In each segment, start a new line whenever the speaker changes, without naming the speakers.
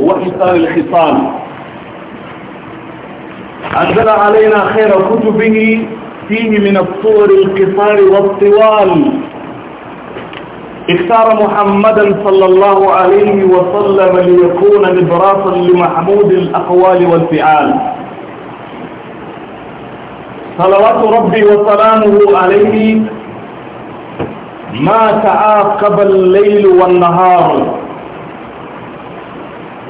وإثار الخصام أنزل علينا خير كتبه فيه من الصور القصار والطوال اختار محمدا صلى الله عليه وسلم ليكون نبراسا لمحمود الأقوال والفعال صلوات ربي وسلامه عليه ما تعاقب الليل والنهار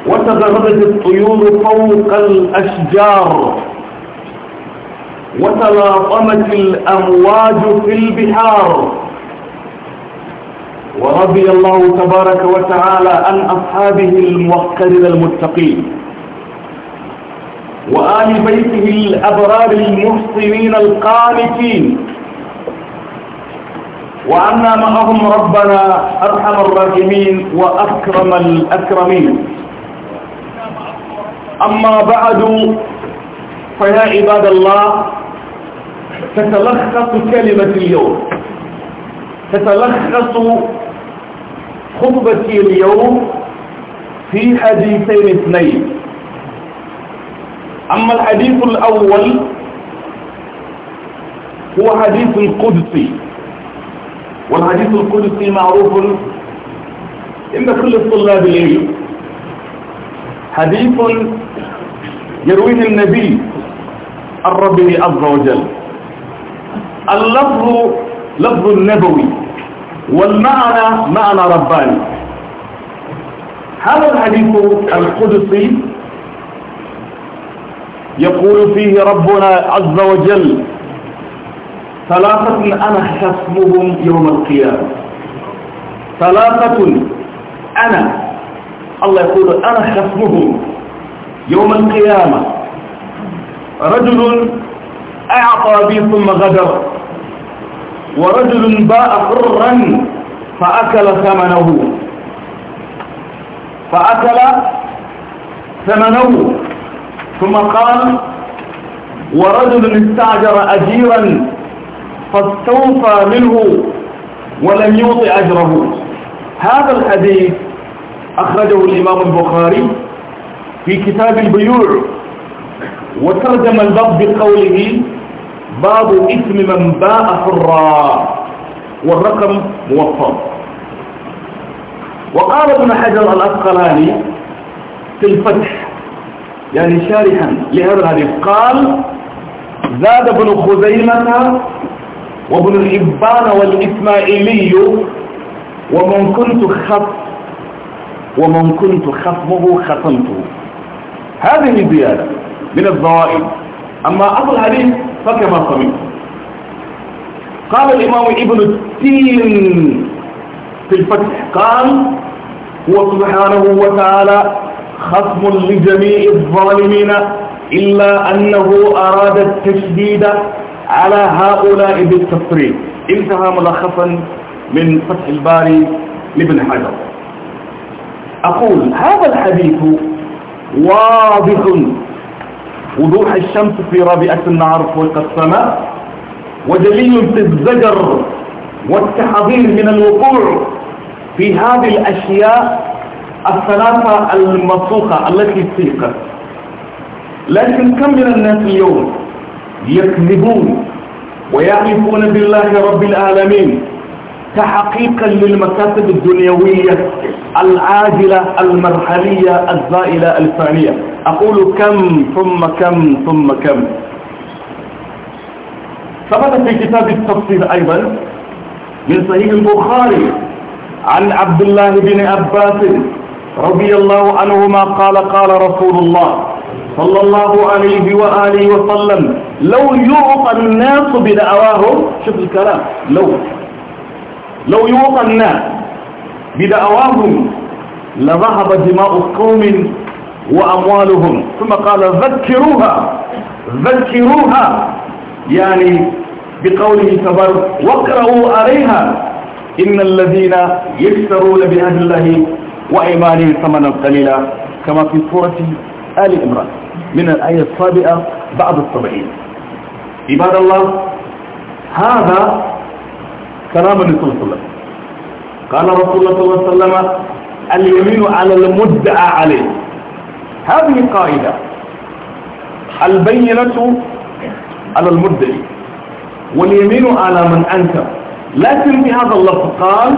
وتغردت الطيور فوق الأشجار وتلاطمت الأمواج في البحار ورضي الله تبارك وتعالى عن أصحابه الموقرين المتقين وآل بيته الأبرار المحسنين القانتين وعنا معهم ربنا أرحم الراحمين وأكرم الأكرمين أما بعد فيا عباد الله تتلخص كلمة اليوم تتلخص خطبتي اليوم في حديثين اثنين أما الحديث الأول هو حديث القدسي والحديث القدسي معروف عند كل الطلاب العلم حديث يرويه النبي الرب عز وجل اللفظ لفظ النبوي والمعنى معنى رباني هذا الحديث القدسي يقول فيه ربنا عز وجل ثلاثة أنا حسبهم يوم القيامة ثلاثة أنا الله يقول أنا حسبهم يوم القيامة رجل أعطى بي ثم غدر ورجل باء حرا فأكل ثمنه فأكل ثمنه ثم قال ورجل استعجر أجيرا فاستوفى منه ولم يوطي أجره هذا الحديث أخرجه الإمام البخاري في كتاب البيوع وترجم الباب بقوله باب اسم من باء حرا والرقم موفق وقال ابن حجر الأسقلاني في الفتح يعني شارحا لهذا الحديث قال زاد ابن خزيمة وابن الحبان والإسماعيلي ومن كنت خط ومن كنت خصمه خصمته هذه زيادة من الضوائب أما أصل الحديث فكما صميم قال الإمام ابن التين في الفتح قال هو سبحانه وتعالى خصم لجميع الظالمين إلا أنه أراد التشديد على هؤلاء بالتفريق انتهى ملخصا من فتح الباري لابن حجر أقول هذا الحديث واضح وضوح الشمس في رابعة النهار فوق السماء ودليل في الزجر والتحضير من الوقوع في هذه الأشياء الثلاثة المنسوخة التي سيقت لكن كم من الناس اليوم يكذبون ويعرفون بالله رب العالمين تحقيقا للمكاسب الدنيوية العاجلة المرحلية الزائلة الفانية أقول كم ثم كم ثم كم ثبت في كتاب التفصيل أيضا من صحيح البخاري عن عبد الله بن عباس رضي الله عنهما قال قال رسول الله صلى الله عليه وآله وسلم لو يعطى الناس بدعواهم شوف الكلام لو لو يوقى الناس بدعواهم لذهب دماء قوم وأموالهم ثم قال ذكروها ذكروها يعني بقوله تبارك واقرؤوا عليها إن الذين يكسرون بأهل الله وإيمانهم ثمنا قليلا كما في سورة آل عمران من الآية السابقة بعد الطبعين عباد الله هذا كلام الرسول صلى الله عليه وسلم قال رسول الله صلى الله عليه وسلم اليمين على المدعى عليه هذه قاعدة البينة على المدعي واليمين على من أنت لكن في هذا اللفظ قال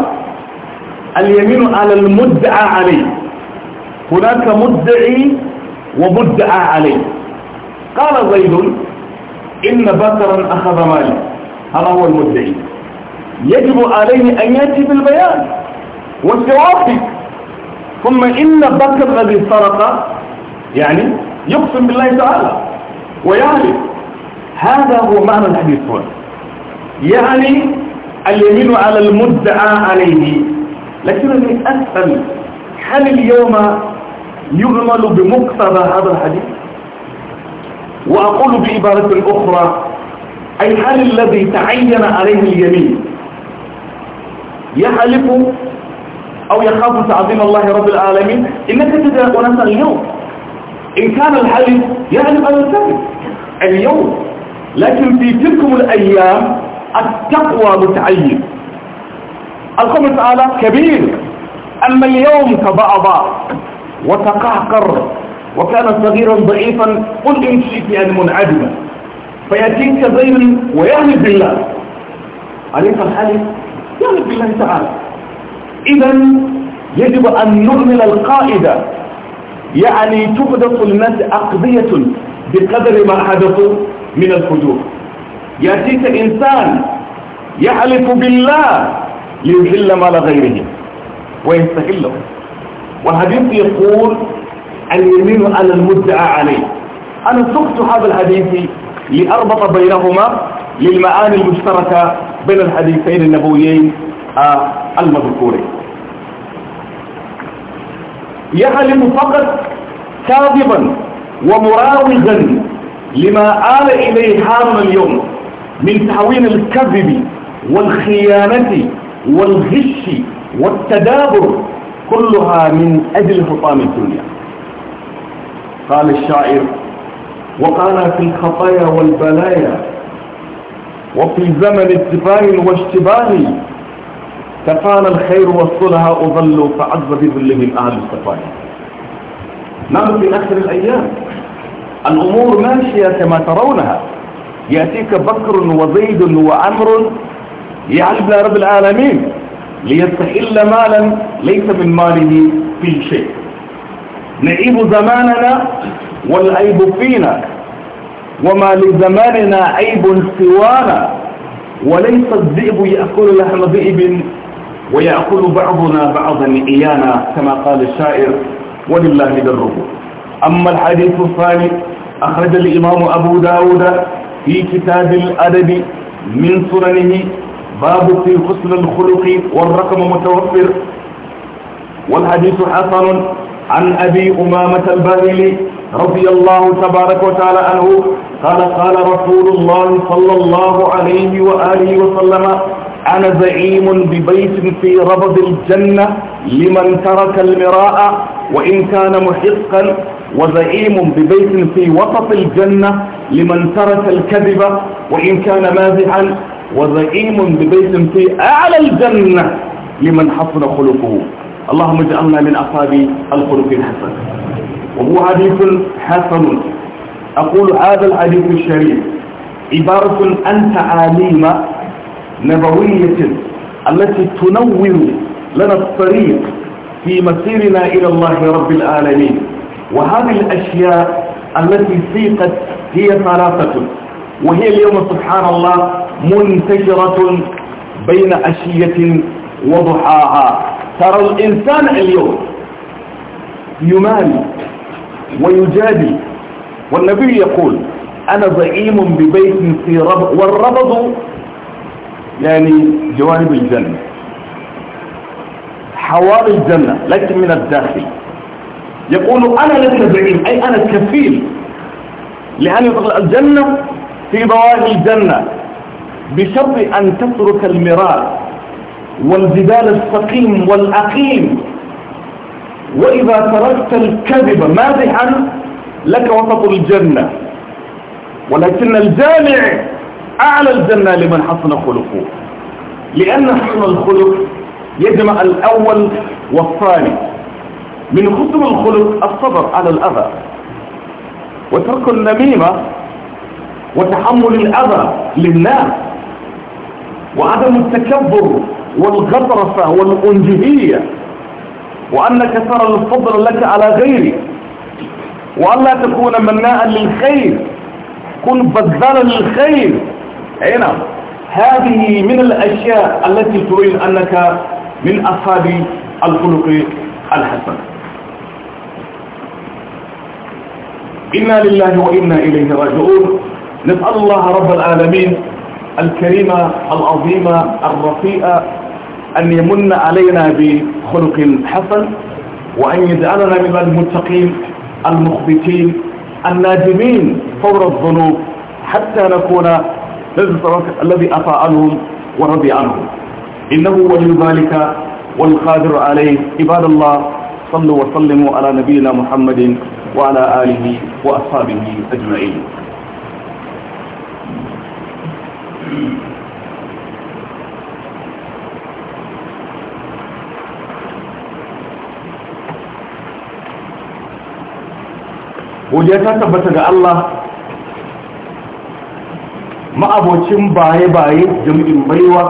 اليمين على المدعى عليه هناك مدعي ومدعى عليه قال زيد إن بكرا أخذ مالي هذا هو المدعي يجب عليه أن يأتي بالبيان والتوافي ثم إن بكر الذي سرق يعني يقسم بالله تعالى ويعرف هذا هو معنى الحديث هنا يعني اليمين على المدعى عليه لكنني أسأل هل اليوم يعمل بمقتضى هذا الحديث وأقول بعبارة أخرى أي هل الذي تعين عليه اليمين يحلف أو يخاف تعظيم الله رب العالمين إنك تجد أناسا اليوم إن كان الحلف يحلف أن يكذب اليوم لكن في تلك الأيام التقوى متعين القوم تعالى كبير أما اليوم تبعض وتقعقر وكان صغيرا ضعيفا قل إن شئت أن منعدما فيأتيك زين ويهلب بالله عليك الحلف ذلك بالله تعالى إذا يجب أن نعمل القائدة يعني تقدس الناس أقضية بقدر ما حدث من الفجور يأتيك إنسان يحلف بالله ليحل مال غيره ويستحله والحديث يقول اليمين على المدعى عليه أنا سقت هذا الحديث لأربط بينهما للمعاني المشتركة بين الحديثين النبويين آه، المذكورين يحلم فقط كاذبا ومراوغا لما آل إليه حالنا اليوم من تحويل الكذب والخيانة والغش والتدابر كلها من أجل حطام الدنيا قال الشاعر وقال في الخطايا والبلايا وفي زمن اتفاه واشتباه تفانى الخير والصلها أظلوا فعز بذلهم أهل الصفاه نحن في آخر الأيام الأمور ماشية كما ترونها يأتيك بكر وزيد وعمر يعلمنا رب العالمين ليستحل مالا ليس من ماله في شيء نعيب زماننا والعيب فينا وما لزماننا عيب سوانا وليس الذئب يأكل لحم ذئب ويأكل بعضنا بعضا إيانا كما قال الشاعر ولله دره أما الحديث الثاني أخرج الإمام أبو داود في كتاب الأدب من سننه باب في حسن الخلق والرقم متوفر والحديث حسن عن أبي أمامة الباهلي رضي الله تبارك وتعالى عنه قال قال رسول الله صلى الله عليه وآله وسلم أنا زعيم ببيت في ربض الجنة لمن ترك المراء وإن كان محقا وزعيم ببيت في وسط الجنة لمن ترك الكذب وإن كان مازحا وزعيم ببيت في أعلى الجنة لمن حسن خلقه اللهم اجعلنا من أصحاب الخلق الحسن وهو حديث حسن أقول هذا الحديث الشريف عبارة عن تعاليم نبوية التي تنور لنا الطريق في مسيرنا إلى الله رب العالمين وهذه الأشياء التي سيقت هي ثلاثة وهي اليوم سبحان الله منتشرة بين أشية وضحاها ترى الإنسان اليوم يمالي ويجادل والنبي يقول أنا زعيم ببيت في ربض والربض يعني جوانب الجنة حوار الجنة لكن من الداخل يقول أنا لست زعيم أي أنا كفيل لأن الجنة في بواهي الجنة بشرط أن تترك المرار والجبال السقيم والعقيم وإذا تركت الكذب مادحا لك وسط الجنة ولكن الجامع أعلى الجنة لمن حسن خلقه لأن حسن الخلق يجمع الأول والثاني من حسن الخلق الصبر على الأذى وترك النميمة وتحمل الأذى للناس وعدم التكبر والغطرسة والأنجهية وأنك ترى الفضل لك على غيرك وألا تكون مناء للخير كن بذلا للخير هنا نعم. هذه من الأشياء التي تبين أنك من أصحاب الخلق الحسن إنا لله وإنا إليه راجعون نسأل الله رب العالمين الكريمة العظيمة الرفيئة أن يمن علينا بخلق حسن وأن يجعلنا من المتقين المخبتين النادمين فور الذنوب حتى نكون الذي اطاع عنهم ورضي عنهم إنه ولي ذلك والقادر عليه عباد الله صلوا وسلموا على نبينا محمد وعلى آله وأصحابه أجمعين godiya ta tabbata ga Allah ma'abocin baye-baye jam'in baiwa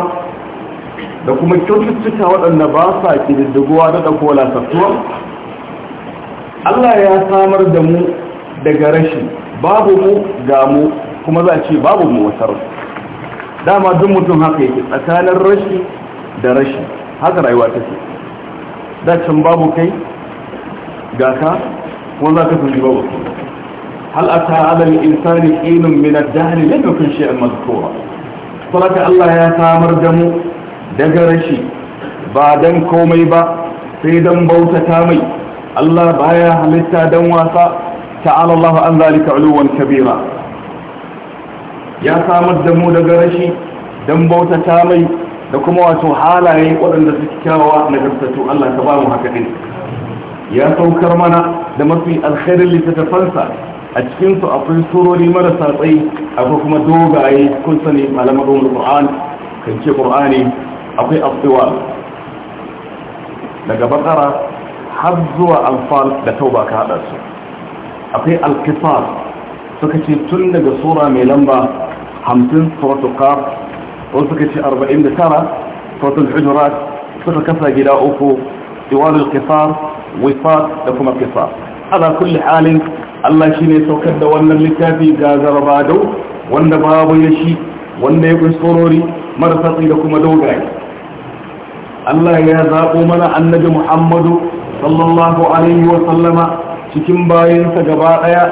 da kuma kyaututtuka waɗanda ba sa ƙididdiguwa da ɗauko lasattuwa Allah ya samar da mu daga rashi babu mu ga mu kuma za ce babu mu wasar dama duk mutum haka yake tsakanin rashi da rashi haka rayuwa take da can babu kai ga ka ko za ka tuni ba hal ata ala al-insani hinun min ad-dahr lam yakun shay'an madhkura saboda Allah ya samar da mu daga rashi ba dan komai ba sai dan ta mai Allah baya halitta dan wasa ta'ala Allah an zalika uluwan kabira ya samar da mu daga rashi dan ta mai da kuma wato halaye waɗanda suke kyawawa na gaskatu Allah ka ba mu haka din ya saukar mana da mafi alkhairin littattafansa a cikinsu akwai surori marasa tsayi akwai kuma dogaye kun sani malamar rumar ƙur'an kan ce ƙur'ani akwai abuwa daga bakara har zuwa alfal da tauba ka haɗa su akwai alkifar suka ce tun daga sura mai lamba 50 suratul qaf wasu suka ce 49 suratul hujurat suka kasa gida uku iwalul kifar wifat da kuma kisa. ala kulli halin Allah shine saukar da wannan littafi ga zarabadau wanda babu ya shi wanda ya kunshi tsorori marasa da kuma dogaye Allah ya zaɓo mana annabi Muhammadu sallallahu alaihi wa sallama cikin bayansa gaba ɗaya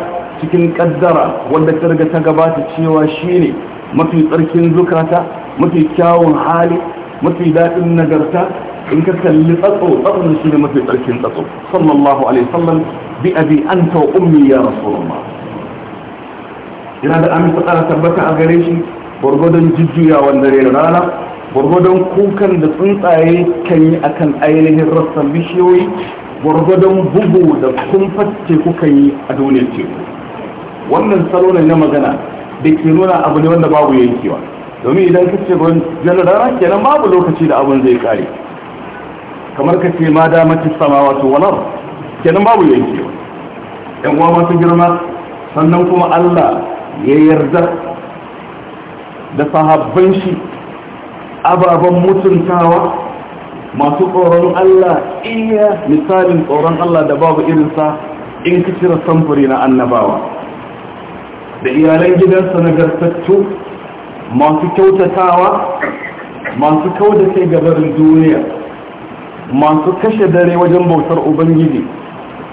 cikin ƙaddara wanda ta riga ta gabata cewa shine mafi tsarkin zukata mafi kyawun hali mafi daɗin nagarta in ka kalli tsatso tsatson shi ne mafi tsarkin tsatso sallallahu alaihi sallam bi abi anta wa ummi ya rasulullah yana da amince tsara tabbata a gare shi gwargwadon jujjuyawan dare da rana gwargwadon kukan da tsuntsaye kan yi akan ainihin rassan bishiyoyi gwargwadon bugu da kun teku kuka yi a duniyar teku wannan salo ne na magana da ke nuna abu ne wanda babu yankewa domin idan kace ce ban kenan babu lokaci da abun zai kare kamar ka ce ma dama ci sama wato walar kenan babu yanki yan uwa masu girma sannan kuma Allah ya yarda da sahabban shi ababen mutuntawa masu tsoron Allah iya misalin tsoron Allah da babu irinsa in ka cire samfuri na annabawa da iyalan gidansa na gartattu masu kyautatawa masu da kai gabarin duniya masu kashe dare wajen bautar ubangiji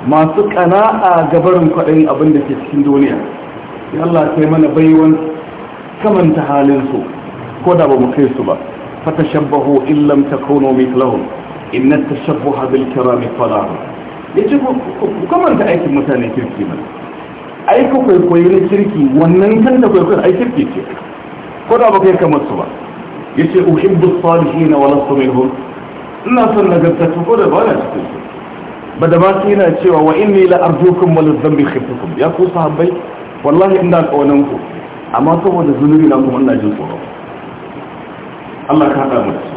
masu kana'a gabarin kwaɗayin abin da ke cikin duniya ya Allah sai mana baiwan kamanta halinsu ko da ba mu kai su ba fata shabbahu illam mai mithlahum inna mai bil kirami ya ce ku kamanta aikin mutane kirki ba aika kwaikwayi na kirki wannan kan da kwaikwayi ai kirki ce ko da ba kai kamar su ba yace uhibbu salihin wa mai minhum ina son nagartattu ko da ba na cikin su ba da ba su yana cewa wa inni la arjukum wa lazambi khiftukum ya ku sahabbai wallahi ina kaunan ku amma saboda zunubi na kuma ina jin tsoro Allah ka haɗa mu su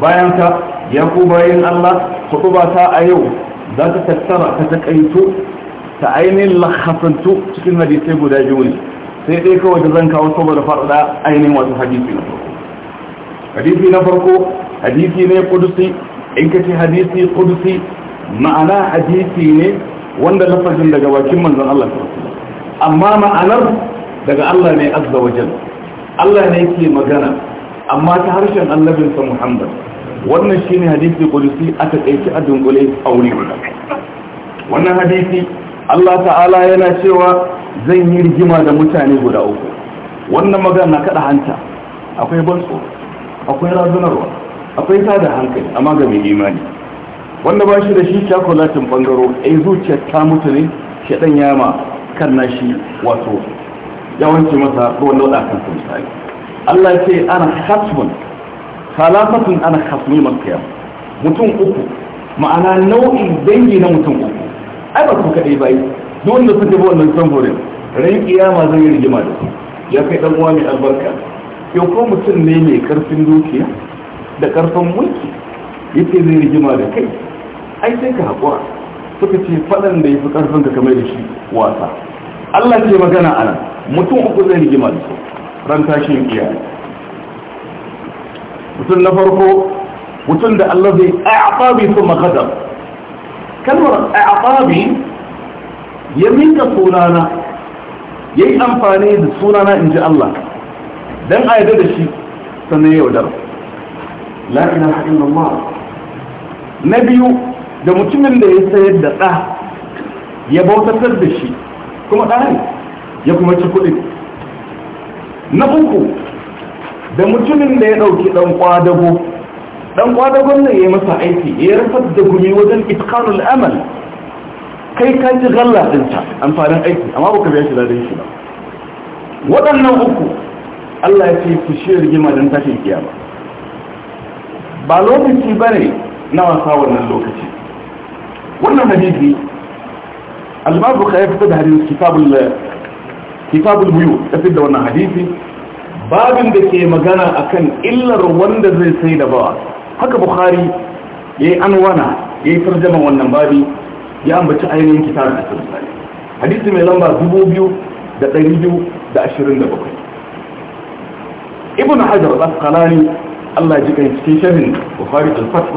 bayan ka ya ku bayan Allah ku ba ta a yau za ta tattara ta takaito ta ainihin lahafantu cikin hadisai guda biyu ne sai dai kawai da zan kawo saboda faɗaɗa ainihin wasu hadisi na farko hadisi na farko hadisi ne kudusi in ka ce hadisi kudusi ma'ana hadisi ne wanda lafazin daga bakin manzon Allah amma ma'anar daga Allah ne azza wa Allah ne yake magana amma ta harshen sa Muhammad wannan shine hadisi kudusi aka takaice a dungule aure wannan hadisi Allah ta'ala yana cewa zan yi rigima da mutane guda uku wannan magana kada hanta akwai banso akwai razunarwa akwai da hankali amma ga mai imani wanda ba shi da shi cakulatin bangaro a zuciyar ta mutu ne shaɗan yama kan na shi wato yawanci masa ruwan lauɗa kan sa sai Allah ya ce ana hasmun salafatun ana hasmi masu mutum uku ma'ana nau'in dangi na mutum uku ai ba su kaɗai bai don da suke bi nan samfurin ran kiyama zai yi rigima da su ya kai dan uwa mai albarka yau ko mutum ne mai karfin dukiya da karfin mulki yake zai rigima da kai ai sai ka haƙura suka ce faɗan da ya fi ƙarfin ka kamar da shi wasa Allah ce magana a nan mutum uku zai rigima da su ran tashin iya. mutum na farko mutum da Allah zai ayyafabi su makadar kalmar ayyafabi ya minka sunana ya yi amfani da sunana in ji Allah don a yadda da shi sannan ya yaudara la ilaha illallah na biyu da mutumin da ya sayar da ɗa ya bautatar da shi kuma ɗan ya kuma ci kuɗi na uku da mutumin da ya ɗauki ɗan ƙwadago ɗan ƙwadago nan ya masa aiki ya rafar da gumi wajen itkanul amal kai ka ji galla ɗinta amfanin aiki amma ba ka biya shi daɗin shi ba waɗannan uku Allah ya ce ku shi rigima don tashin kiyama ba lokaci ba ne na wasa wannan lokaci wannan hadisi albabu ka ya fita da hadisi kitabul muyu buyu fi da wannan hadisi babin da ke magana a kan illar wanda zai sai da bawa haka bukhari wana anwana yi tarjuma wannan babi ya ambaci ainihin kitabul bukhari hadisi mai lamba bakwai. ibn hajar al-asqalani Allah ji kai cikin sharhin Bukhari al-Fath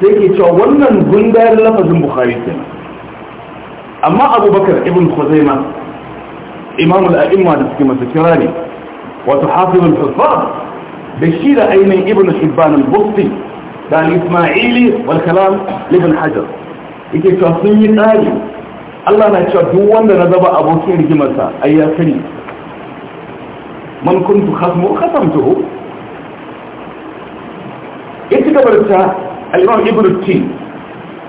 sai ke cewa wannan gundarin lafazin Bukhari kenan amma Abu Bakar ibn Khuzaima imam al-a'imma da suke masa kira ne wato hafiz al-huffaz da shi da ainihin ibn Hibban al-Busti da al-Isma'ili wal kalam ibn Hajar yake cewa sun yi tsari Allah na cewa duk wanda na zaba abokin rigimarsa ai ya sani man kuntu khasmu khasamtuhu ya ci gabar ta al'imam ibn tin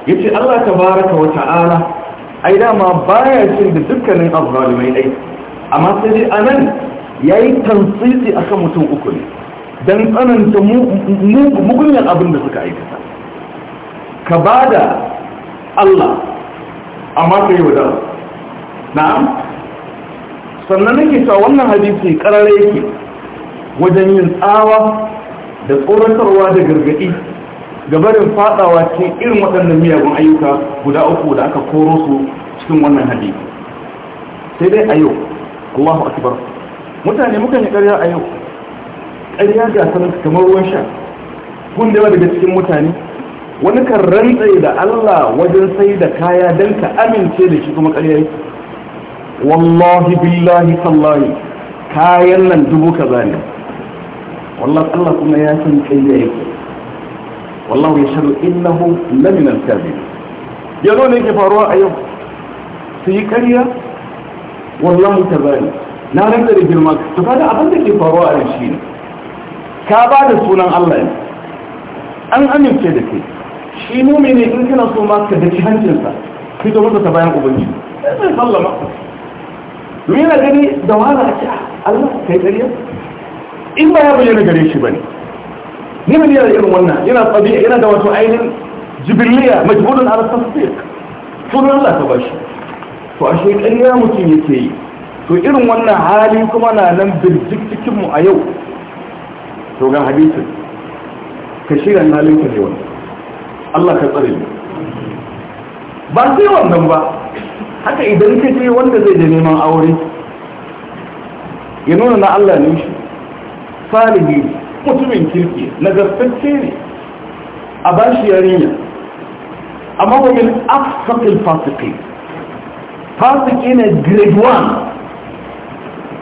ya ce allah ta baraka wa ta'ala ai dama baya cin da dukkanin azalimai dai, amma sai dai a nan ya yi tansisi a kan mutum uku ne don tsananta mugunyar abin da suka aikata ka ba da allah amma ka yi wa na'am sannan nake cewa wannan hadisi karare yake wajen yin tsawa da tsoratarwa da gargaɗi gabarin fadawa cikin irin waɗannan miyagun ayyuka guda uku da aka koro su cikin wannan hadi sai dai a yau Allahu akbar mutane muka yi ƙarya a yau ƙarya ga sanar kamar ruwan sha kun da daga cikin mutane wani kan rantsa da Allah wajen sai da kaya don ka amince da shi kuma ƙarya yake wallahi billahi sallahi kayan nan dubu kaza ne wallan Allah kuma ya san kai ya yake wallahu yashhadu innahu lamin al-kadhib yanzu ne ke faruwa a yau su yi ƙarya wallahu bani. na ranta da girma to kada abin da ke faruwa a yau ne. ka ba da sunan Allah ne an amince da kai shi mumini in kana so ma ka daki hancinsa ki zo masa ta bayan ubangiji sai sallama domin yana gani da wala a ce Allah kai ƙarya in ba ya bayyana gare shi ba ne. ni ne yana irin wannan yana tsabiya yana da wato ainihin jibiliya majbulun ala tasdiq sunan Allah ta shi. to ashe ƙarya mutum yake yi to irin wannan hali kuma na nan birjik cikinmu a yau to ga hadisin ka shiga halin ka ne Allah ka tsare ni ba sai wannan ba haka idan ka ce wanda zai da neman aure ya nuna na Allah ne shi salihi mutumin kirki Na nagartacce ne a bashi yarinya amma wa min afsaqil fasiki ne grade 1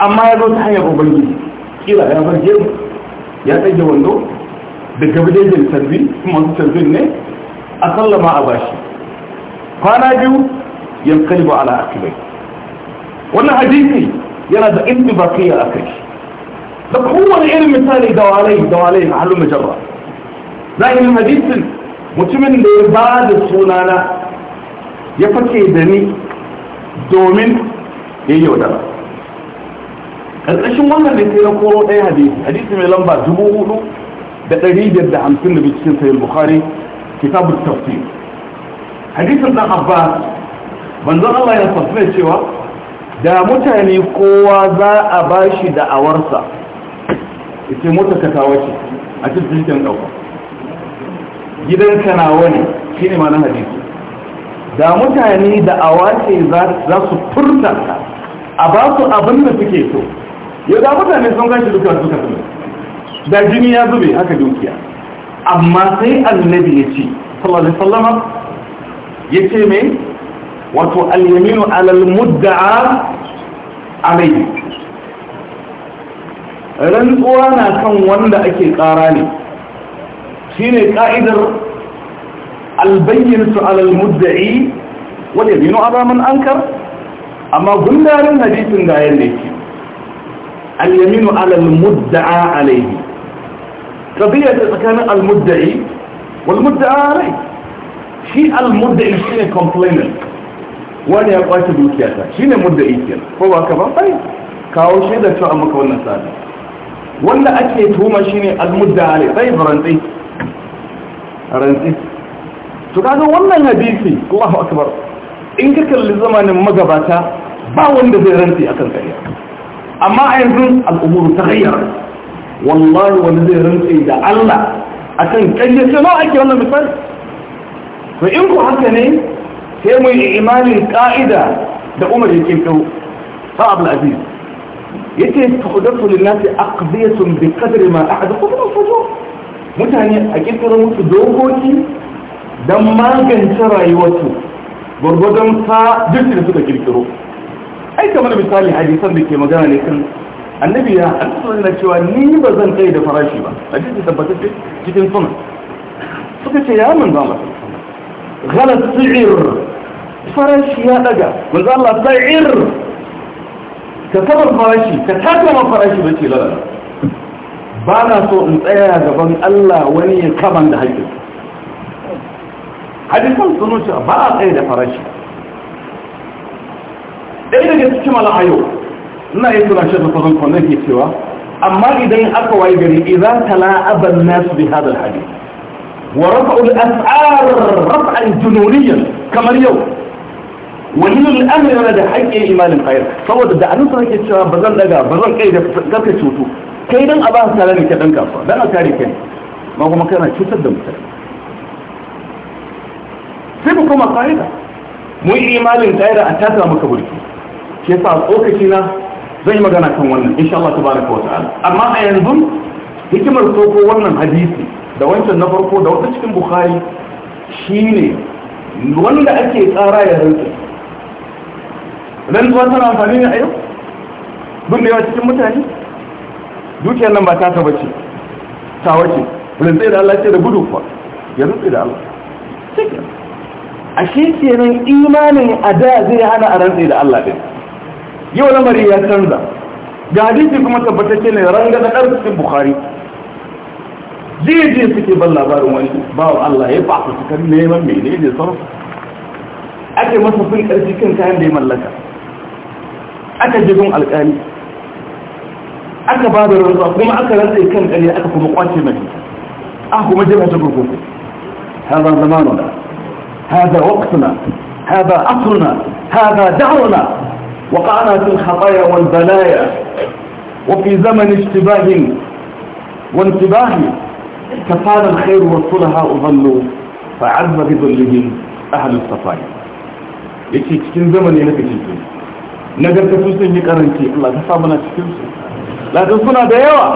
amma ya zo ta hanyar ubangiji kila ya bar ya tsage wando da gabdejin tarbi masu tarbin ne a sallama a bashi kwana biyu ba ala akibai wannan hadisi yana da a akai da kowane irin misali da walai da walai na halin mujarra zahirin hadisin mutumin da ya ba da sunana ya fake da ni domin ya yi yaudara ƙarƙashin wannan da sai na koro ɗaya hadisi hadisi mai lamba dubu hudu da ɗari biyar da hamsin da bi cikin sayar Bukhari, kitabun tafsir hadisin ɗan abbas manzon allah ya fasina cewa da mutane kowa za a bashi da'awarsa ya mota motar ka kawo ce a cikin jirgin ɗauka gidan kana ne shine ne mana da mutane da awace za su furta a ba su abin da suke so yau da mutane sun gashi duka suka da jini ya zube haka dukiya amma sai annabi ya ce sallallahu alaihi wasallam ya ce mai wato al-yaminu alal mudda'a alayhi rantsuwa na kan wanda ake ƙara ne shi ne ƙa'idar albayyinsu alal mudda'i wadda binu azaman ankar amma gundarin hadisin ga yadda yake alyaminu alal mudda'a alaihi ƙabiyar ta tsakanin almudda'i walmudda'a alai? shi almudda'i shi ne complainant wani ya kwace dukiyata shi ne mudda'i kenan ko ba ka ba bai kawo da cewa maka wannan sa'adar wanda ake tuhuma shine almudda muddali sai rantsi rantsi to kaga wannan hadisi Allahu akbar in ka kalli zamanin magabata ba wanda zai rantsi akan kariya amma a yanzu al'umuru ta hanyar wallahi wanda zai rantsi da Allah akan kariya sai nawa ake wannan misali to in ku haka ne sai mu yi imanin ka'ida da Umar yake kawo Sa'ab al-Aziz yace tuhdathu lin-nasi aqdiyatun bi qadri ma ahdathu min al-fujur mutane a kirkiro musu dokoki dan magance rayuwarsu gurgurdan sa duk da suka kirkiro ai kamar misali hadisan da ke magana ne kan annabi ya annabi na cewa ni ba zan kai da farashi ba hadisi tabbatacce cikin sunan suka ce ya mun zama ghalat si'ir farashi ya daga manzo Allah sa'ir ta saba farashi ta takama farashi ba ce lalata ba na so in tsaya gaban Allah wani ya kaman da haƙƙin hadisan sun wuce ba a tsaye da farashi ɗaya daga cikin mala'ayo ina yi suna shi da sauran kwanan ke cewa amma idan aka waye gari idan tala aban nasu bi hadal hadis wa rafa'ul as'ar raf'an jununiyan kamar yau wani lullu amri yana da haƙƙin imanin ƙayar saboda da annabi ke cewa ba zan daga ba zan kai da karka cutu kai dan a ba tare da ke dan kasuwa dan a tare kai ma kuma kana cutar da mutane sai mu koma ka'ida mu yi imanin ƙayar a tasa maka burki ke sa tsokaci na zan yi magana kan wannan insha Allah tabaraka wa ta'ala amma a yanzu hikimar soko wannan hadisi da wancan na farko da wata cikin bukhari shine wanda ake tsara ya rantsa zuwa tana amfani ne a yau duk da yawa cikin mutane dukiyar nan ba ta taba ce ta wace tsaye da Allah ce da gudu kuwa ya rantsai da Allah cikin a shi kenan imanin a da zai hana a rantsai da Allah ɗin yau lamari ya canza ga hadisi kuma tabbatacce ne ranga da ɗan cikin bukhari jeje suke ban labarin wani bawan Allah ya ba su kan neman ne sarfa ake masa sun ƙarfi kan kayan da ya mallaka aka je alƙali aka ba da rantsuwa kuma aka rantsa kan ƙarya aka kuma kwace mai aka kuma ta هذا زماننا هذا وقتنا هذا عصرنا هذا دهرنا وقعنا في الخطايا والبلايا وفي زمن اشتباه وانتباه كفانا الخير والصلحاء ظلوا فعز بظلهم أهل الصفايا يكي تكين زمن ينكي تكين nagartattu sun yi karanci Allah ka sa muna cikin su lakin suna da yawa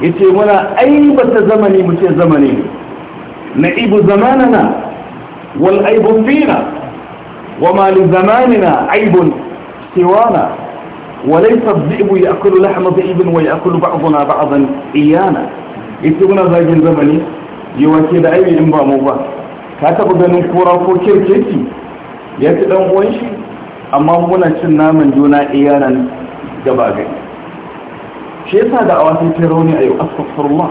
yace muna aibata zamani mu ce zamani na ibu zamanana wal aibu fina wa ma li zamanina aibun siwana وليس الذئب يأكل لحم ذئب ويأكل بعضنا بعضا إيانا يتبنا ذاك zamani. yawanci da aibi in ba mu ba ka taɓa ganin kura ko kirkeci ya ci ɗan uwan shi amma muna cin naman juna iyanan da ba gani shi yasa da awa sun ce rauni a yau astaghfirullah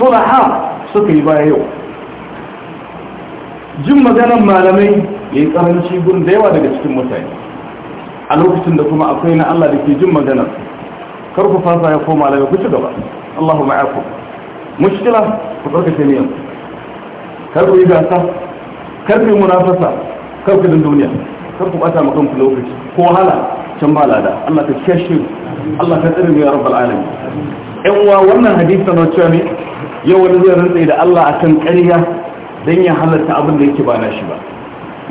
sulaha suka yi baya yau jin maganar malamai ya yi karanci gurin da yawa daga cikin mutane a lokacin da kuma akwai na Allah da ke jin maganar kar ku fasa ya koma daga ku ci gaba Allahu ma'akum mushkila ku tsarkake ne yanzu kar ku yi gasa kar ku yi munafasa kar ku duniya kar ku bata maka ku lokaci ko hala can ba lada Allah ka kashe Allah ka tsare mu ya rabbal alamin ɗan uwa wannan hadisi na cewa ne yau wani zai rantsa da Allah akan ƙarya dan ya halarta abin da yake ba na shi ba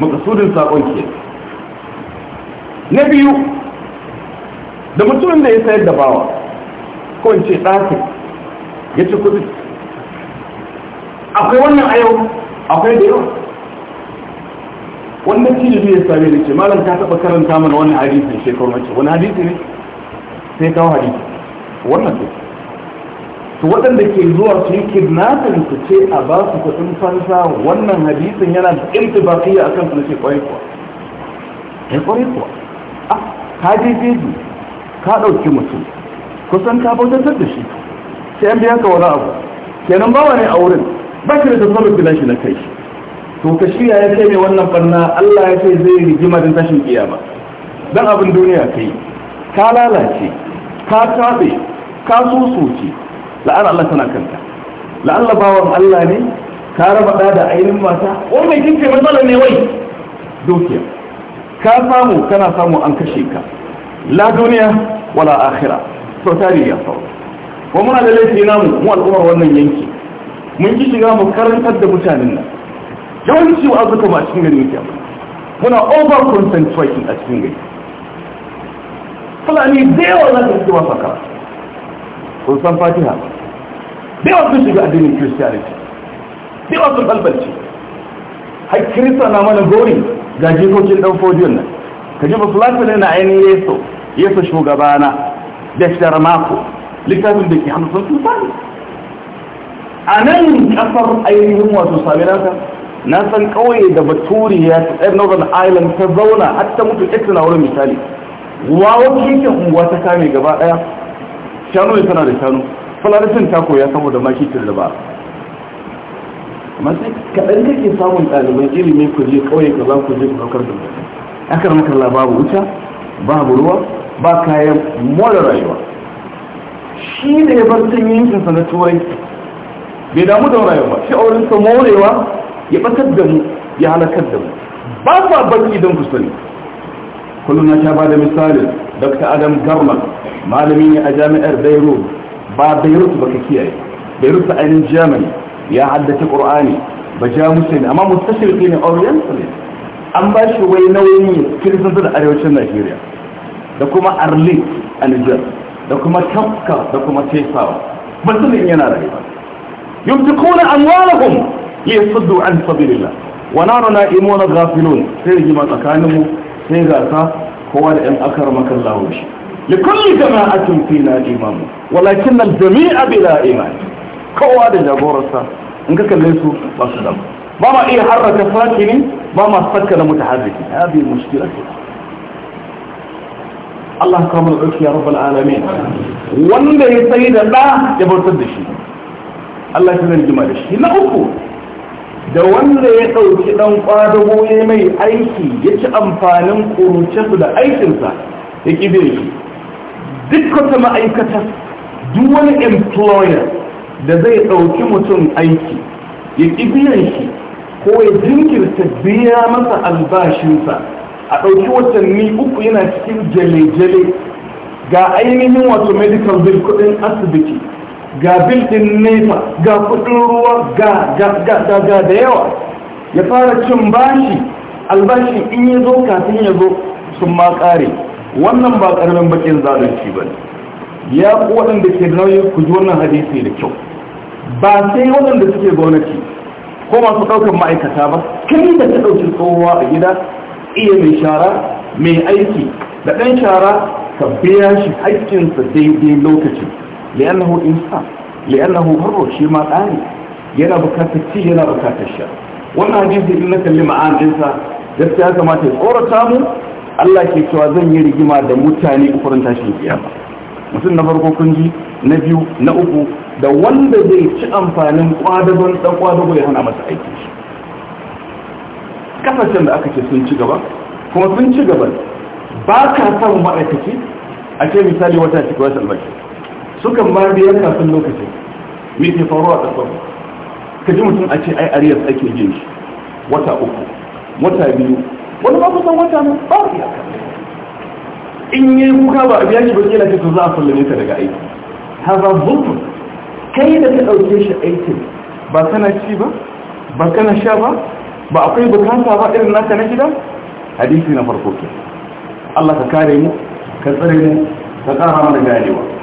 makasudin sakon ke na biyu da mutumin da ya sayar da bawa ko in ce ɗakin ya ci kudi akwai wannan a yau akwai da yau wannan cilibi ya same da ce malam ka taɓa karanta mana wani hadisi shekaru mace wani hadisi ne sai kawo hadisi wannan ce su waɗanda ke zuwa su yi kidnapping su ce a ba su kuɗin fansa wannan hadisin yana da iltibaqiya akan su na ce kwarai kuwa ya eh, kwarai kuwa a ah, ka je jeji ka ɗauki mutum kusan ka bautar da shi sai an biya ka wani abu kenan bawa ne a wurin ba shi da tasarrufi na shi na kai shi to ka ya kai mai wannan farna Allah ya ce zai rigima din tashin kiyama dan abin duniya kai ka lalace ka tabe ka susuce la'an Allah tana kanta la'an bawan Allah ne ka raba da ainihin mata wani mai matsala ne wai dukiya ka samu kana samu an kashe ka la duniya wala akhira to tari ya faru Wa muna da laifi namu mu al'ummar wannan yanki mun ki shiga mu karantar da mutanen nan yawanci ciwo azuka ma cikin gari yake muna over concentration a cikin gari fulani da yawa za ka yi cewa saka kun san fatiha da yawa sun shiga addinin christianity da yawa sun halbarci har kirista na mana gori ga jikokin dan fodiyon nan ka ji ba fulani na ainihin yeso yeso shugabana da shara mako littafin da ke hannu sun sani a nan kasar ainihin wato sami nasa na san ƙauye da baturi ya ta northern island ta zauna har ta mutu ita na wurin misali wawo kikin unguwa ta kame gaba ɗaya shanu ne tana da shanu fulanitin ta koya saboda ma kikin da ba amma sai kaɗan kake samun ɗaliban ilimin ku je ƙauye ka za ku je ku ɗaukar da a kan makalla babu wuta babu ruwa ba kayan mora rayuwa shi ne ya bar sanyin yankin sanatuwai turai bai damu da rayuwa shi a sa morewa ya ɓatar da mu ya halakar da mu ba sa baki ku sani kullum ya sha ba da misali dr adam garman malami ne a jami'ar beirut ba beirut ba ka kiyaye beirut a ainihin germany ya haddace qur'ani ba ja n amma mustashirki ne oriental an ba shi wai nauyin kiristanta da arewacin nigeria da kuma arli a niger da kuma tafka da kuma tefawa ba su ne yana rayuwa yubtikuna amwalahum liyasuddu an sabilillah wa nanu na'imuna ghafilun sai rigima tsakanin mu sai gasa kowa da ɗan akar makan lawo shi likulli jama'atin fina imamu walakin al jami'a bila iman kowa da jagorarsa in ka kalle su ba su damu ba ma iya harraka sakini ba ma sakka da mutaharriki hadi mushkila Allah ka mu dauki ya rabbal alamin wanda ya sai da da ya bautar da shi Allah ya sanar jima da shi na uku da wanda ya ɗauki ɗan ƙwadago ya mai aiki ya ci amfanin ƙurucinsu da aikinsa ya ƙibe shi duk wata ma'aikata duk wani employer da zai ɗauki mutum aiki ya ƙi ƙibiyan shi ko ya jinkirta biya masa albashinsa a ɗauki watanni uku yana cikin jale-jale ga ainihin wato medical bill kuɗin asibiti ga bilkin nefa ga kudin ruwa ga ga da yawa ya fara cin bashi albashin in ya zo kafin ya zo sun ma kare wannan ba karamin bakin zalunci ba ya ku waɗanda ke da nauyin ku ji wannan hadisi da kyau ba sai waɗanda suke gwamnati ko masu ɗaukar ma'aikata ba kai da ta ɗauki tsohuwa a gida iya mai shara mai aiki da ɗan shara ka biya shi haƙƙinsa daidai lokacin li'annahu insa li'annahu harro shi ma ɗani yana bukatar ci yana bukatar sha wannan hadisi in na kalli ma'an dinsa ya kamata ya tsorata mu Allah ke cewa zan yi rigima da mutane kufurin tashin kiyama mutum na farko kun na biyu na uku da wanda zai ci amfanin kwadagon dan kwadago ya hana masa aiki kasashen da aka ce sun ci gaba kuma sun ci gaba ba ka samun ma'aikaci a ce misali wata cikin wasu albashi sukan ma biya kafin lokacin me ke faru a ƙasar ka ji mutum a ce ai ariyas ake jin shi wata uku wata biyu wani ma kusan wata ne ba ya in yi kuka ba a biya shi ba kila ka za a sallame ka daga aiki haza zuwa kai da ka ɗauke shi aikin ba kana ci ba ba kana sha ba ba akwai bukata ba irin naka na gida hadisi na farko ke Allah ka kare mu ka tsare mu ka ƙara mana ganewa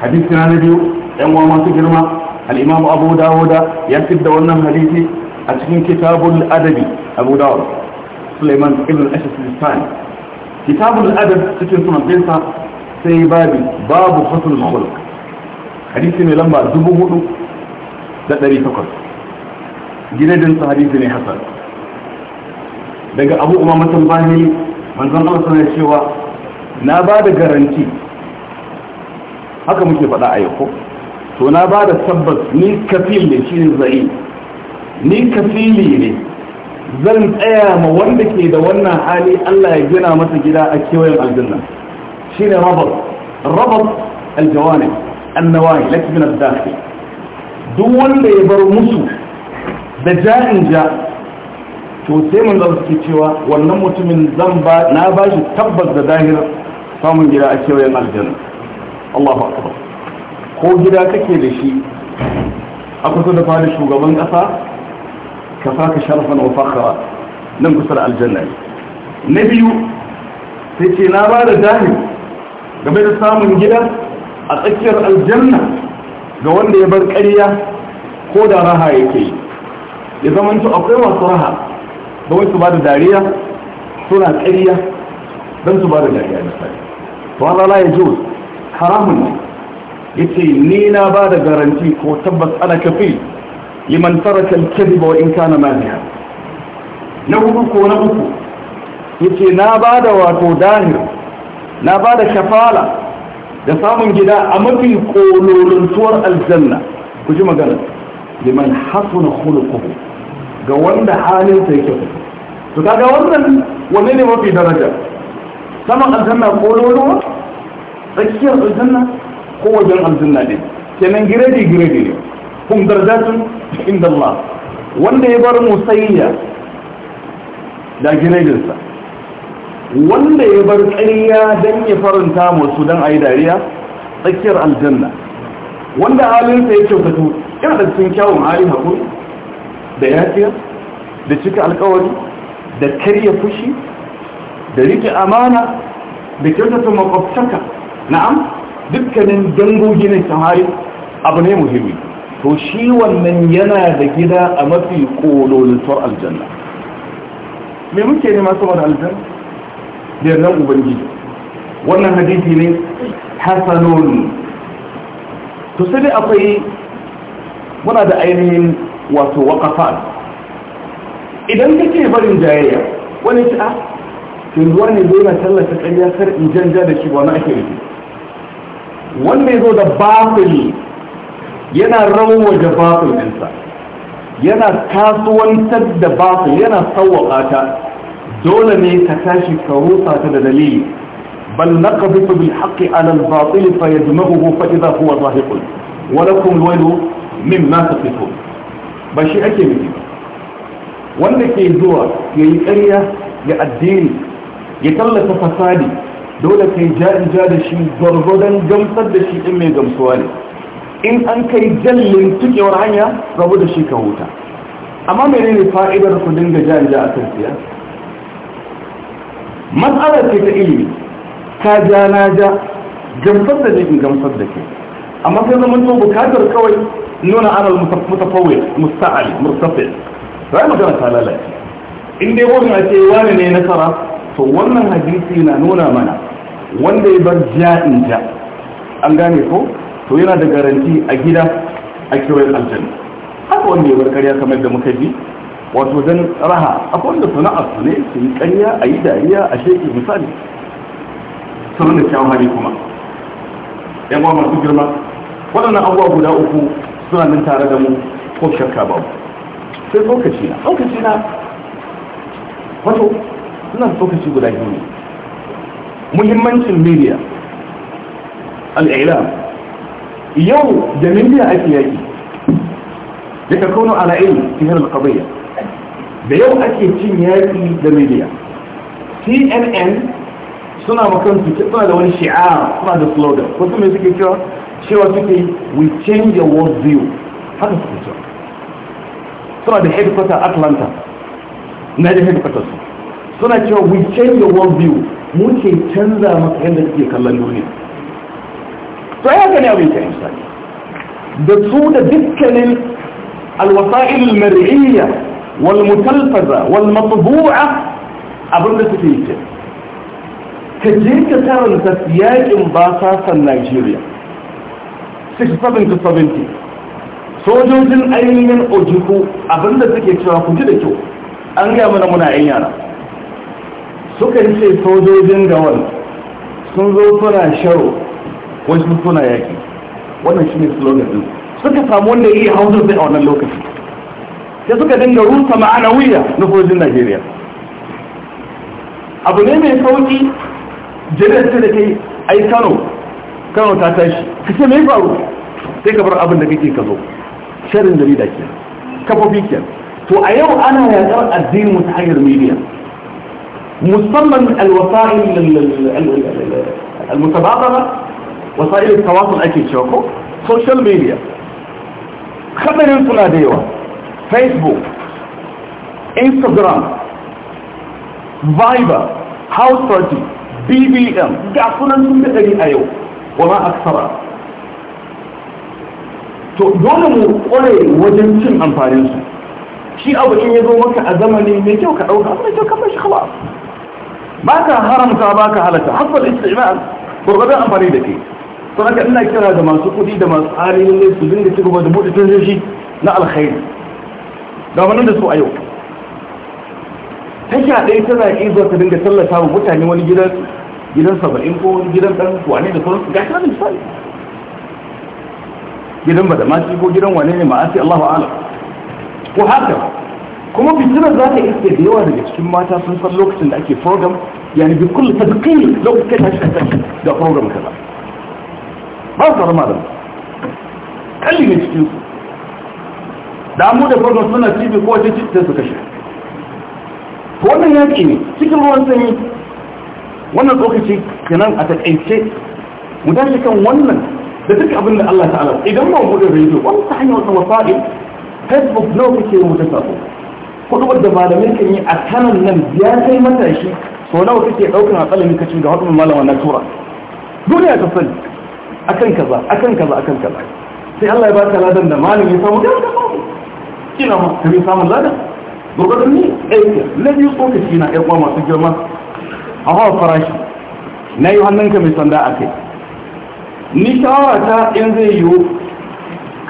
hadisi na na biyu yan wa masu girma al-imam abu dawuda ya fi da wannan hadisi a cikin kitabun adabi abu dawud suleiman ibn al-ashasistani kitabul adab cikin sunan dinsa sai babi babu husnul khuluq hadisi mai lamba dubu 4800 gidan sa hadisi ne hasan daga abu umama tambani manzon Allah sanar cewa na ba da garanti haka muke faɗa a yau to na ba da tabbas ni kafil ne shi ne zai ni kafili ne zan tsaya ma wanda ke da wannan hali Allah ya gina masa gida a kewayen aljanna shi ne rabat rabat aljawani annawahi laki min ad-dakhil duk wanda ya bar musu da ja'in ja to sai mun zama suke cewa wannan mutumin zan ba na ba shi tabbas da zahir samun gida a kewayen aljanna Allahu akbar ko gida kake da shi a kusa da fada shugaban kasa ka saka sharafan wa fakhra nan kusa da aljanna ne. na biyu sai ce na ba da dahil game da samun gida a tsakiyar aljanna ga wanda ya bar ƙarya ko da raha yake yi ya zamanto akwai masu raha don su ba da dariya suna ƙarya don su ba da dariya misali to Allah la ya jiwa haramun ce ni na ba da garanti ko tabbas ana kafi liman taraka al-kadhib wa in kana maliha na uku ko na uku ce na ba da wato dahir na ba da kafala da samun gida a mafi kololuntuwar aljanna ku ji magana liman hasuna khuluquhu ga wanda halin sa yake to kaga wannan wanne ne mafi daraja saman aljanna kololuwa tsakiyar aljanna ko wajen aljanna ne kenan giredi giredi ne kun darajatun inda Allah wanda ya bar musayya da giredinsa wanda ya bar ƙarya don ya faranta musu don a yi dariya tsakiyar aljanna wanda halinsa ya kyautatu yana da cikin kyawun hali haƙuri da yafiya da cika alkawari da karya fushi da rike amana da kyautata makwabtaka na'am dukkanin dangogi na samari abu ne muhimmi to shi wannan yana da gida a mafi kololutar aljanna me muke ne masu da aljanna da yardan ubangiji wannan hadisi ne hasanun to sai dai akwai muna da ainihin wato waƙafa idan kake barin jayayya wani ci a tunduwa ne zai na tallata ƙarya kar in janja da shi ba na ake rufe wanda ya zo da batil yana rawaje batil ɗinsa yana kasuwantar da batil yana sauwaƙa ta dole ne ka tashi ka rusa ta da dalili bal naqbitu bil haqqi ala al batil fa za fa idha huwa zahiq wa lakum min na mimma tasifun ba shi ake ba. wanda ke zuwa yayi ƙarya ya addini ya tallata fasadi dole kai ja da shi gwargwadon gamsar da shi in mai gamsuwa ne in an kai jallin tukewar hanya rabu da shi ka huta amma mai ne ne fa'idar ku dinga ja ja a kan siya matsalar ce ta ilimi ka ja na ja gamsar da in gamsar da ke amma sai zaman to bukatar kawai nuna anal mutafawai musta'al murtafi rai magana ta lalace in dai wani a ce wani ne nasara to wannan hadisi na nuna mana wanda ya bar ja'in ja an gane ko to yana da garanti a gida a kewayen aljanna haka wanda ya bar karya kamar da muka bi wato dan raha akwai wanda sana'a su ne su yi karya a yi dariya a sheki misali sun da kyawun hali kuma yan uwa masu girma waɗannan abubuwa guda uku suna nan tare da mu ko shakka ba sai tsokaci na tsokaci na wato suna tsokaci guda biyu ne muhimmancin media al'ila yau da media ake yaki da ta kawo ala’il ilmi cikin alkabayya da yau ake cin yaki da media cnn suna makansu suna da wani shi'ar suna da slogan wasu mai suke cewa cewa suke we change the world view haka suke cewa suna da headquarter atlanta na da headquarter suna cewa we change the world view muke canza maka yadda suke kallon duniya to ya gani abin ta misali da su da dukkanin alwasa'il mar'iyya wal mutalfaza wal matbu'a abin da suke yi ka je ka karanta siyakin basasan Najeriya 67 to 70 sojojin ainihin ojiku abinda suke cewa ku da kyau an gaya mana muna yan yara suka ce sojojin gawar sun zo suna sharo sun suna yaki wannan shi ne slogan din suka samu wanda ya yi hausa sai a wannan lokaci sai suka dinga rusa ma'ana wuya na sojojin najeriya abu ne mai sauki jirgin ta da kai ai kano kano ta tashi ka ce mai faru sai ka bar abin da kake ka zo sharin jarida ke kafofi ke to a yau ana yaƙar addinin ta hanyar musamman alwasa'il almutabadara wasa'il tawasul ake cewa ko social media kadarin suna da yawa facebook instagram viber house party bbm ga sunan sun da ɗari a yau wa aksara to dole mu kware wajen cin amfaninsu shi abu in ya zo maka a zamanin kyau ka ɗauka ba ka haramta ba ka halatta haifar istimal gurgurdan amfani da ke sun haka ina kira da masu kudi da masu halin ne su dinga ci gaba da buɗe tunjoshi na alkhairi ga manin da su a yau tasha ɗaya tana iya zuwa ta dinga tallata wa mutane wani gidan gidan saba'in ko wani gidan ɗan wane da sauransu ga kira da misali gidan ba da badamasi ko gidan wane ne ma'asi allahu alam ko haka kuma fitinar za ta iske da yawa daga cikin mata sun san lokacin da ake program yani bi kullu tadqil lokacin da ake da program kaza ba su rama da kalli ne cikin su da mu da program suna cibi ko wata cikin su kashe to wannan yaƙi ne cikin ruwan sanyi wannan lokaci kenan a taƙaice mu dace kan wannan da duk abin da Allah ta'ala idan ba mu da rediyo wani ta hanyar wata wasa'il facebook nawa kake mu ta sabo hudubar da malamin kan yi a tanan nan ya kai matashi sau nawa kake ɗaukar alƙalami kacin ga hudubar malama na tura duniya ta sani akan kaza akan kaza akan kaza sai Allah ya ba ta ladan da malamin ya samu gaskiya kina ma ka bi samun ladan gurgurdan ni aiki na biyu tsokaci na ƴan masu girma a hawa farashi na yi hannunka mai sanda a kai ni shawara ta in zai yiwu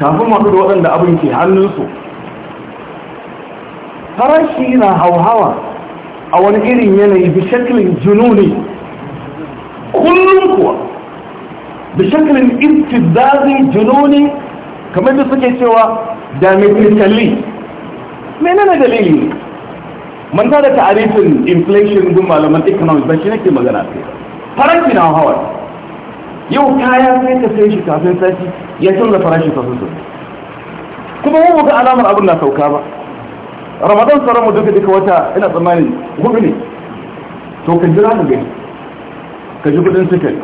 kafin masu da waɗanda abin ke hannunsu farashi na hauhawa a wani irin yanayi bi jununi kullum kuwa bi shaklin jununi kamar da suke cewa da mai menene dalili man da arifin inflation gun malaman economic ba shi nake magana sai farashi na hauhawa yau kaya sai ka sai shi kafin sashi ya canza farashi sosai kuma wani ga alamar abin na sauka ba ramadan sauran mu duka duka wata ina tsammani hudu ne to ka jira ka gani ka ji kudin sukari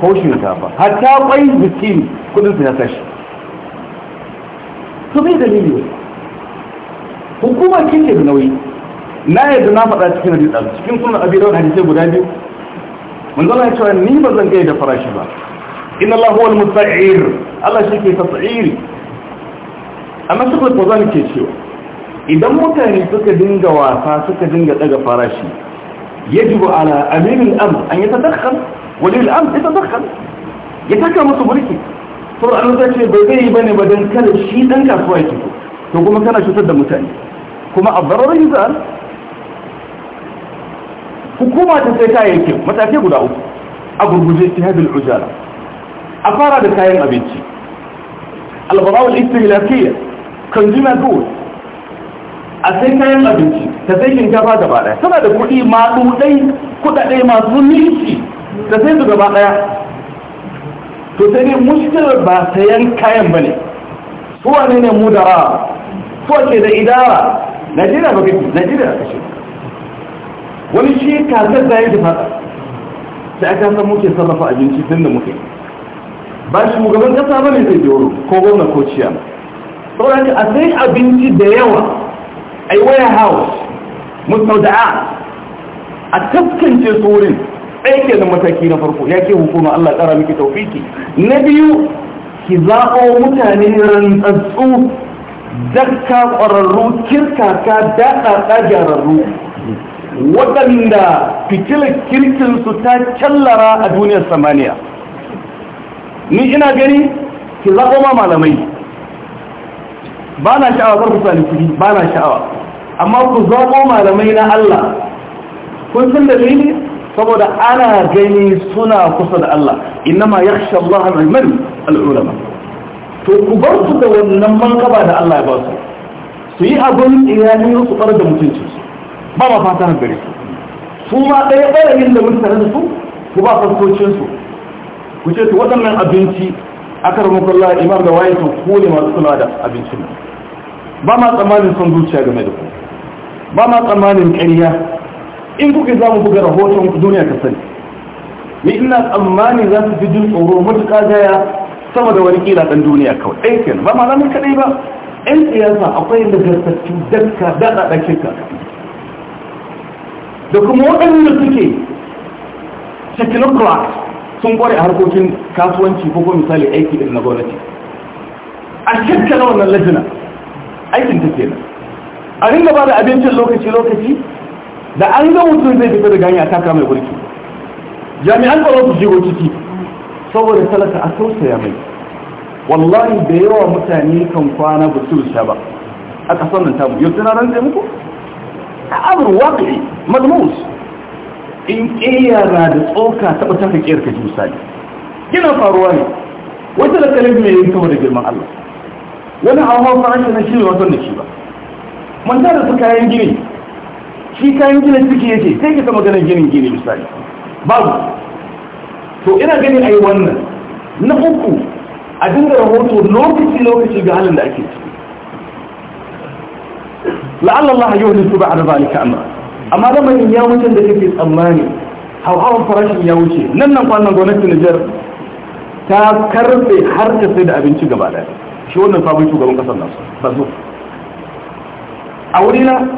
ko shinkafa hatta kwai bikin kudin su ya tashi to me dalili ne hukumar kin da nauyi na yadda na faɗa cikin hadis ɗan cikin sunan da dawud hadisai guda biyu mun zama cewa ni ba zan da farashi ba Ina Allah Musa'ir. Allah shi ke tas'iri amma shi ko zan ke cewa idan mutane suka dinga wasa suka dinga daga farashi yajib ala al am an ya tadakhal wali al-am ya tadakhal ya taka musu burki to an zai ce bai zai bane ba dan kada shi dan kasuwa yake to kuma kana shutar da mutane kuma abdarar yuzar hukuma ta sai ta yake matakai guda uku a gurguje al-ujara a fara da kayan abinci al-barawul istihlakiyya kan jima goods a sai kayan abinci ta sai shinkafa gaba daya tana da kuɗi maɗuɗai kuɗaɗe masu nishi ta sai su gaba daya to sai dai mushkilar ba sayan kayan ba ne su wane ne mu da ra su ake da idara najeriya ba gaji najeriya ka ce wani shi kasar da ya dafa Sai aka san muke sarrafa abinci tun da muke ba shugaban kasa ba ne zai biyo ko gwamna ko ciya saboda a sai abinci da yawa ai warehouse mustauda'a a taskance su wurin ɗaya da mataki na farko ya ke hukuma Allah ƙara miki taufiki na biyu ki zaɓo mutane rantsatsu dakka ƙwararru ka daɗaɗa gyararru waɗanda fitilar kirkinsu ta callara a duniyar samaniya ni ina gani ki zaɓo ma malamai ba na sha'awa farko sani ba na sha'awa amma ku zaɓo malamai na Allah kun san dalili saboda ana gani suna kusa da Allah ma yakhsha Allah al man al-ulama to ku bar su da wannan mankaba da Allah ya ba su su yi abun iyali su bar da mutunci ba ma fata gare su su ma ɗaya ɓarayin da mutane da su ku ba su ku ce to wannan abinci aka kullu imam da wayi to ku ne masu kula da abincin ba ma tsammanin son zuciya game da ku ba ma tsammanin ƙarya in kuka za mu buga rahoton duniya ta sani ni ina tsammani za su fi jin tsoro matuƙa gaya sama da wani kila ɗan duniya kawai ɗaya ba ma zamin kaɗai ba ƴan siyasa akwai nagartattu dakka daɗa ɗakin ka da kuma waɗanda suke technocrat sun ƙware a harkokin kasuwanci ko kuma misali aiki irin na gwamnati a shakka na wannan lajina aikin ta kenan a ringa ba da abincin lokaci-lokaci da an ga mutum zai fita da ganya ta kama gurki jami'an tsaro su jigo ciki saboda talaka a tausaya mai wallahi da yawa mutane kan kwana ba su sha ba a kasar nan tamu yau tana ran muku a abin waƙi mazmus in ƙiyara da tsoka taɓa taka ƙiyar ka ji misali yana faruwa ne wata da kalin mai yin kama da girman allah wani hawa farashin na shi ne wasan da shi ba Mantar da su kayan gini shi kayan gini suke yake sai ka maganar ginin gini misali babu to ina ganin yi wannan na uku a dinga rahoto lokaci lokaci ga halin da ake ciki la'alla Allah ya yi su ba a ba'da zalika amma amma da mai ya da kake tsammani hauhawar farashin ya wuce nan nan kwanan gwamnatin Nijar ta karfe har ta sai da abinci gaba daya shi wannan sabon shugaban kasar nasu a wurina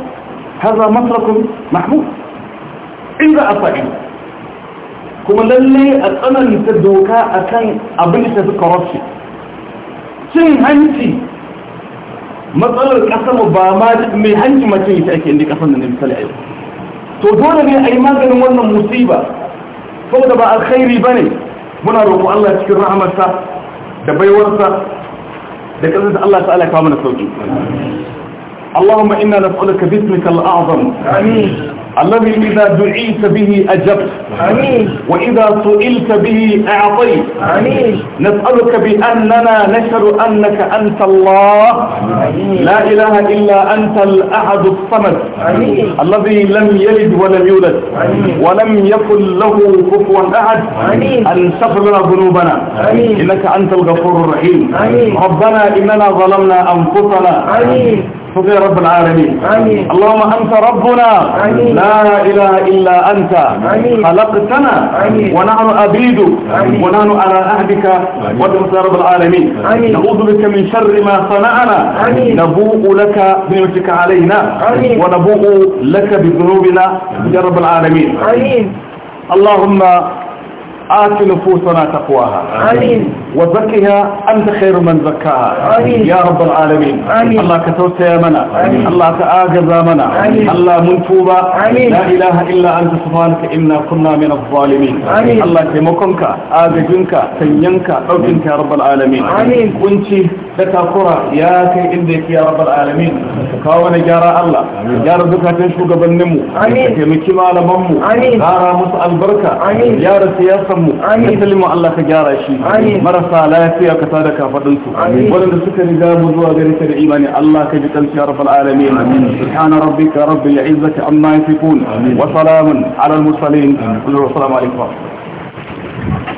haza masrakun mahmud in za a faɗi kuma lalle a tsananta doka a kan abin da tafi corruption cin hanci matsalar ƙasar ba ma mai hanci mace ita ake inda ƙasar da na misali a yau to dole ne a yi maganin wannan musiba saboda ba alkhairi ba ne muna roƙo Allah cikin rahamarsa da baiwarsa da ƙasar da Allah ta'ala kawo mana sauƙi اللهم إنا نسألك باسمك الأعظم آمين الذي إذا دعيت به أجبت آمين وإذا سئلت به أعطيت آمين نسألك بأننا نشهد أنك أنت الله آمين لا إله إلا أنت الأحد الصمد آمين الذي لم يلد ولم يولد آمين ولم يكن له كفوا أحد آمين أن تغفر ذنوبنا آمين إنك أنت الغفور الرحيم آمين ربنا إننا ظلمنا أنفسنا آمين فوق رب العالمين آمين. اللهم أنت ربنا آمين. لا إله إلا أنت آمين. خلقتنا آمين. ونحن أبيد ونحن على أهدك وأنت رب العالمين آمين. نعوذ بك من شر ما صنعنا آمين. نبوء لك بنعمتك علينا آمين. ونبوء لك بذنوبنا يا رب العالمين آمين. اللهم آت نفوسنا تقواها آمين وزكها أنت خير من زكاها يا رب العالمين آمين. الله كتوت يا منا آمين. الله تآجز منا آمين. الله منتوبة لا إله إلا أنت سبحانك إنا كنا من الظالمين آمين. الله تمكنك آجزنك سينك أوكنك يا رب العالمين آمين. كنت لتقرى يا كي إندك يا رب العالمين كاونا جارا الله جارا ذكا تنشو قبل نمو كمكي ما لبمو غارا مسأل بركة جارا سياسمو نسلم الله كجارا شيء مرة marasa lafiya ka sada kafadun su waɗanda suka riga mu zuwa gari ka da imani Allah ka ji kansu ya rabbal alamin subhana rabbika rabbil izzati amma yasifun wa salamun ala al mursalin assalamu alaikum